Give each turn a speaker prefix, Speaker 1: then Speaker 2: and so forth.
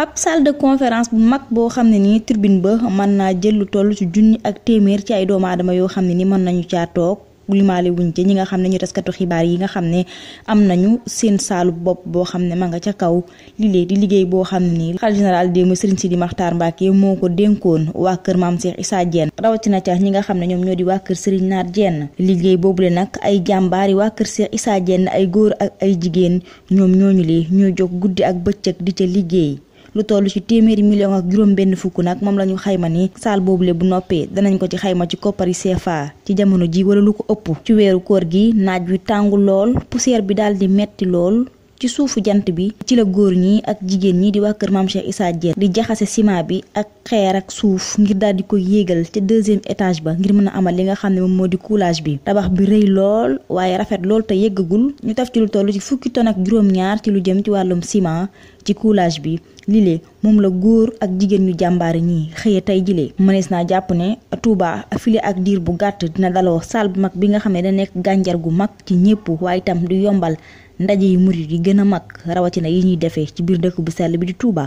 Speaker 1: ab salle de conférence bu mag boo xam ne nii tribune ba mën naa jël lu toll ci junni ak téeméer ci ay doomaadama yoo xam ne ni mën nañu caa toog limaale wuñ ci ñi nga xam ne ñu taskatu xibaar yi nga xam ne am nañu seen saalu bopp boo xam ne ma nga ca kaw li léeg di liggéey boo xam ne nii xal général démb Serigne Sidi Makhtar Mbacké moo ko dénkoon waa kër maam Cheikh Issa Diène rawatina ca ñi nga xam ne ñoom ñoo di waa kër Serigne Naar Diène liggéey boobule nag ay jàmbaar waa kër Cheikh Issa Diène ay góor ak ay jigéen ñoom ñoo ñooñu lee ñoo jóg guddi ak bëccëg di ca liggéey lu toll ci téeméeri million ak juróom benn fukk nag moom la ñu xayma ni saal boobule bu noppee danañ ko ci xayma ci koppari CFA ci jamono ji wala lu ko ëpp ci weeru koor gi naaj wi tàngu lool poussière bi daal di metti lool ci suufu jant bi ci la góor ñi ak jigéen ñi di wax kër maam Cheikh Issa di jaxase ciment bi ak xeer ak suuf ngir daal di ko yéegal ca deuxième étage ba ngir mën a amal li nga xam ne moom moo di coulage bi tabax bi rëy lool waaye rafet lool te yëggagul ñu taf ci lu toll ci fukki ton ak juróom lu jëm ci wàllum ciment ci coulage bi lile moom la góor ak jigéen ñu jàmbaar ñii xëye tey jilee mënees naa jàpp ne Touba file ak diir bu gàtt dina daloo saal bu mag bi nga xam ne da nekk gànjar gu mag ci ñëpp waaye itam du yombal ndaje yi murit yi gën a mag rawatina yi ñuy defee ci biir dëkk bu sell bi di Touba.